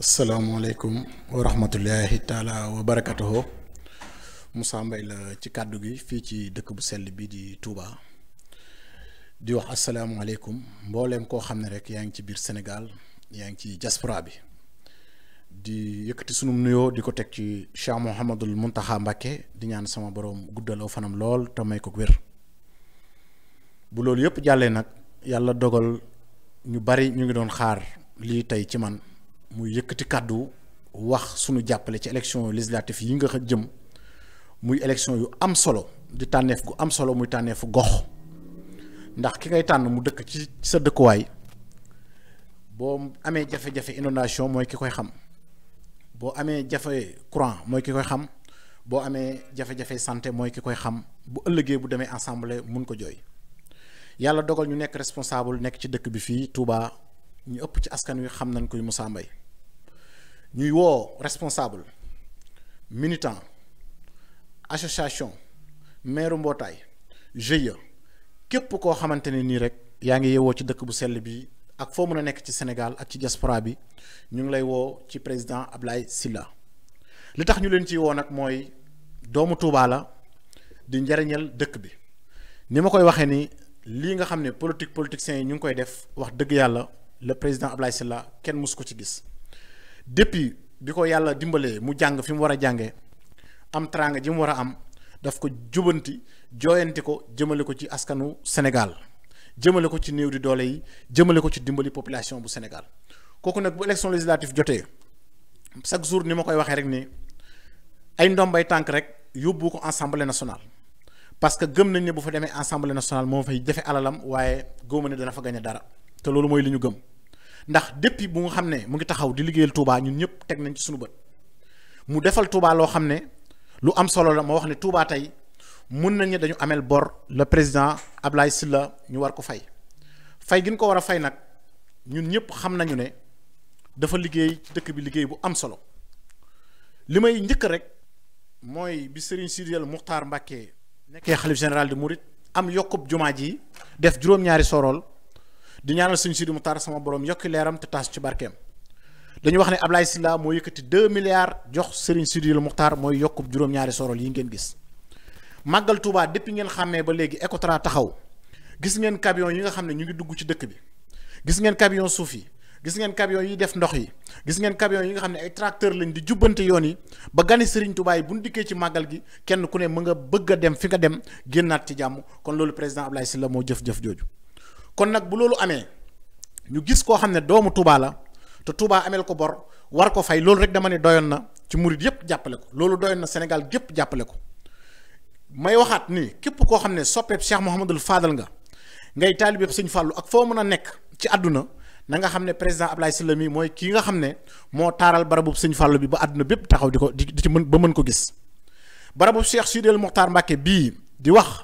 salaamaaleykum wa rahmatullahi taala wa barakatuhu Moussa Mbaye la ci kàddu gi fii ci dëkk bu sell bi di Touba di wax asalaamaaleykum mboolem koo xam ne rek yaa ngi ci biir Sénégal yaa ngi ci diaspora bi di yëkkati sunu nuyoo di ko teg ci Cheikh Mouhamadul Mountakha Mbacké di ñaan sama borom guddalaw fanam lool te may ko wér bu loolu yëpp jàllee nag yàlla dogal ñu bari ñu ngi doon xaar lii tey ci man. muy yëkkati kàddu wax sunu jàppale ci élection législative yi nga jëm muy élection yu am solo di tànneef gu am solo muy tànneefu gox ndax ki ngay tànn mu dëkk ci sa dëkkuwaay boo amee jafe-jafe inondation mooy ki koy xam boo amee jafe courant mooy ki xam boo amee jafe-jafe santé mooy ki koy xam bu ëllëgee bu demee assemblée mun ko jooy yàlla dogal ñu nekk responsable nekk ci dëkk bi fii Touba ñu ëpp ci askan wi xam nañ koy Moussa Mbaye ñuy woo responsable militant association maire mbootaay GIE képp koo xamante ne nii rek yaa ngi yewoo ci dëkk bu sell bi ak foo mën a nekk ci Sénégal ak ci diaspora bi ñu ngi lay woo ci président Ablaye Sylla li tax ñu leen ci woo nag mooy doomu Touba di njariñal dëkk bi ni ma koy waxee ni lii nga xam ne politique politiciens yi ñu ngi koy def wax dëgg yàlla le président Ablaye Sylla kenn mësu ko ci gis depuis bi ko yàlla dimbalee mu jàng fi mu war a jàngee am teraanga ji mu war a am daf ko jubanti jooyanti ko jëmale ko ci askanu Sénégal jëmale ko ci néew di doole yi jëmale ko ci dimbali population bu Sénégal kooku nag bu élection législative jotee chaque jour ni ma koy waxee rek ni ay ndombay tànk rek yóbbu ko assemblée national parce que gëm nañ ni bu fa demee assemblée nationale moo fay jafe alalam waaye góoma ne dana fa gañ dara te loolu mooy li ñu gëm. ndax depuis bu nga xam ne mu ngi taxaw di liggéeyal Touba ñun ñëpp teg nañ ci suñu bët mu defal Touba loo xam ne lu am solo la moo wax ne Touba tey mun nañ ne dañu amel bor le président Ablaye Sylla ñu war ko fay fay gën ko war a fay nag ñun ñëpp xam nañu ne dafa liggéey ci dëkk bi liggéey bu am solo li may njëkk rek mooy bi Serigne Sidi Muxtaar Mbàkke nekkee xalif général de Mouride am yokkub jumaa ji def juróom-ñaari sorool di ñaanal suñ Sidi Moutar sama borom yokki leeram te taas ci barkeem dañu wax ne Ablaye Sylla moo yëkkati 2 milliards jox Serigne Sidi Moutar mooy yokk juróom-ñaari sorol yi ngeen gis màggal Touba depuis ngeen xàmmee ba léegi Ecotra taxaw gis ngeen camion yi nga xam ne ñu ngi dugg ci dëkk bi gis ngeen camion suuf yi gis ngeen camion yi def ndox yi gis ngeen camion yi nga xam ne ay tracteur lañ di jubbante yoon yi ba gani Serigne Touba yi bu ñu ci màggal gi kenn ku ne mu nga bëgg dem fi nga dem génnaat ci jàmm kon loolu président Ablaye Sylla moo jëf-jëf kon nag bu loolu amee ñu gis koo xam ne doomu tubaa la te Touba ameel ko bor war ko fay loolu rek dama ne doyoon na ci murid yëpp jàppale ko loolu doyoon na Sénégal gépp jàppale ko may waxaat ni képp koo xam ne soppeeb Cheikh Mouhamadul Fadal nga ngay taalibeeb Sëñ Fàllu ak foo mën a nekk ci àdduna na nga xam ne président Ablaye Sylla mi mooy kii nga xam ne moo taaral barabub Sëñ Fàllu bi ba àdduna bépp taxaw di ko di ci mën ba mën ko gis barabu Cheikh Sidel Mokhtar Mbacke bii di wax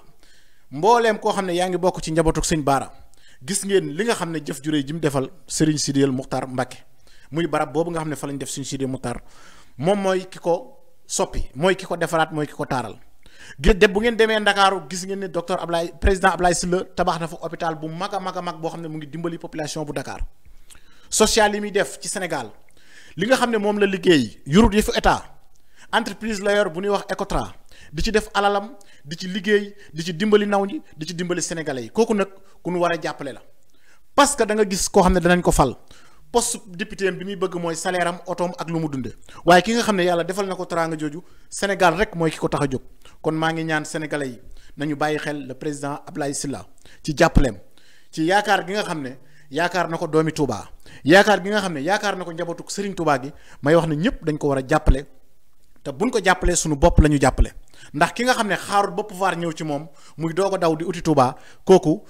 mbooleem koo xam ne yaa ngi bokk ci njabootuk Sëñ Baara gis ngeen li nga xam ne jëf juré ji mu defal Serigne Sidiyel Muxtaar Mbàkke muy barab boobu nga xam ne fa lañ def Serigne Sidiyel Muxtaar moom mooy ki ko soppi mooy ki ko defaraat mooy ki ko taaral gis de bu ngeen demee ndakaaru gis ngeen ne docteur Ablaye président Ablaye Sylla tabax na fa hôpital bu mag a mag a mag boo xam ne mu ngi dimbali population bu Dakar social yi muy def ci Sénégal li nga xam ne moom la liggéey yurut yi fi état entreprise la yor bu ñuy wax Ecotra di ci def alalam di ci liggéey di ci dimbali naw ñi di ci dimbali sénégalais yi kooku nag ku nu war a jàppale la parce que da nga gis koo xam ne danañ ko fal poste député bi muy bëgg mooy salaire am otoom ak lu mu dunde waaye ki nga xam ne yàlla defal na ko teraanga jooju Sénégal rek mooy ki ko tax a jóg kon maa ngi ñaan sénégalais yi nañu bàyyi xel le président ab Ablaye Sylla ci jàppaleem ci yaakaar gi nga xam ne yaakaar na ko doomi Touba yaakaar gi nga xam ne yaakaar na ko njabootu Serigne Touba gi may wax ne ñëpp dañ ko war a jàppale te buñ ko jàppalee suñu bopp la ñu jàppale. ndax ki nga xam ne xaarul ba pouvoir ñëw ci moom muy doog a daw di uti Touba kooku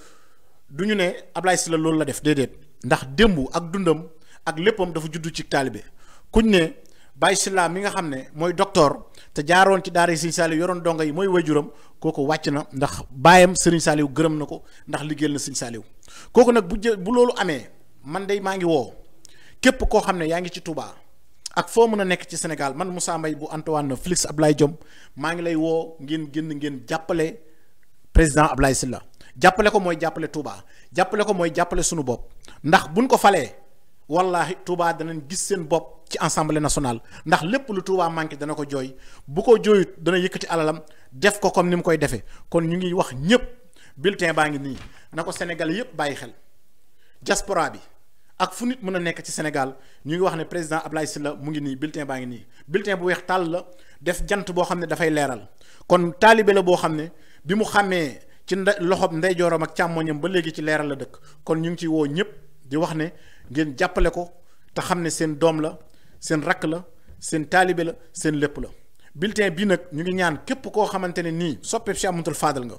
du ñu ne Ablaye Sylla loolu la def déedéet ndax démb ak dundam ak léppam dafa juddu ci taalibe kuñ ne Baye Sylla mi nga xam ne mooy docteur te jaaroon ci daara Serigne Saliou yoroon donga yi mooy waajuram kooku wàcc na ndax baayam Serigne Saliou gërëm na ko ndax liggéeyal na Serigne Saliou kooku nag bu jë bu loolu amee man day maa ngi woo képp koo xam ne yaa ngi ci tubaa ak foo mën a nekk ci Sénégal man Moussa Mbaye bu Antoine Félix Ablaye Diome maa ngi lay woo ngeen génn ngeen jàppale président Ablaye la jàppale ko mooy jàppale Touba jàppale ko mooy jàppale sunu bopp ndax buñ ko falee wallaahi Touba danañ gis seen bopp ci assemblée national ndax lépp lu Touba manqué dana ko jooy bu ko jooyut dana yëkkati alalam def ko comme ni mu koy defee kon ñu ngi wax ñépp bulletin baa ngi nii na ko Sénégal yépp bàyyi xel diaspora bi ak fu nit mun a nekk ci Sénégal ñu ngi wax ne président Ablaye la mu ngi nii bulletin baa ngi nii bulletin bu weex tàll la def jant boo xam ne dafay leeral kon taalibe la boo xam ne bi mu xàmmee ci nda loxob ndeyjooram ak càmmoñam ba léegi ci leeral la dëkk kon ñu ngi ciy woo ñëpp di wax ne ngeen jàppale ko te xam ne seen doom la seen rakk la seen taalibe la seen lépp la bulletin bii nag ñu ngi ñaan képp koo xamante ne nii soppeeku si amatul faadal nga.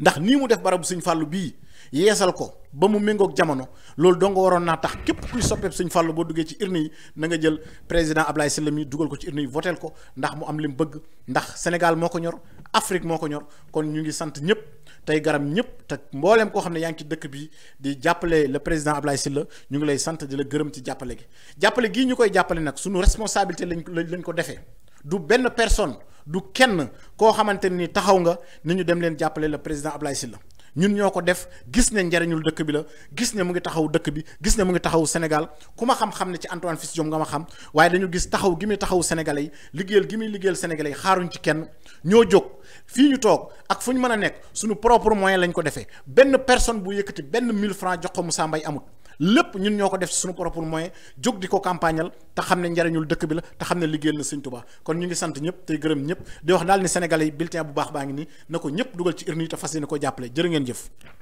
ndax nii mu def barabu sëñ fàllu bii yeesal ko ba mu méngoog jamono loolu dong waroon naa tax képp kuy soppeeb sëñ fàllu boo duggee ci urne yi na nga jël président Ablaye Sylla mi dugal ko ci urne yi voteel ko ndax mu am li mu bëgg ndax Sénégal moo ko ñor Afrique moo ko ñor kon ñu ngi sant ñëpp tey garam ñëpp te mbooleem koo xam ne yaa ngi ci dëkk bi di jàppale le président Ablaye Sylla ñu ngi lay sant di la gërëm ci jàppale gi jàppale gii ñu koy jàppale nag suñu responsabilité lañ lañ ko defee du benn personne du kenn koo xamante ni taxaw nga ni ñu dem leen jàppale la président Ablaye la ñun ñoo ko def gis ne njariñul dëkk bi la gis ne mu ngi taxaw dëkk bi gis ne mu ngi taxaw Sénégal ku ma xam-xam ne ci Antoine Félix Diome nga ma xam waaye dañu gis taxaw gi muy taxaw sénégalais yi liggéeyal gi muy liggéeyal sénégalais yi xaaruñ ci kenn ñoo jóg fii ñu toog ak fu ñu mën a nekk suñu propre moyen lañ ko defee benn personne bu yëkkati benn mille francs jox ko Moussa Mbaye amut lépp ñun ñoo ko def ci suñu propre moyen jóg di ko campagnal te xam ne njariñul dëkk bi la te xam ne liggéeyal na Sëñ Tuubaa kon ñu ngi sant ñëpp tey gërëm ñëpp di wax daal ni sénégalais yi bulletin bu baax baa ngi nii na ko ñëpp dugal ci urne yi te fas yéene ko jàppale jërë ngeen jëf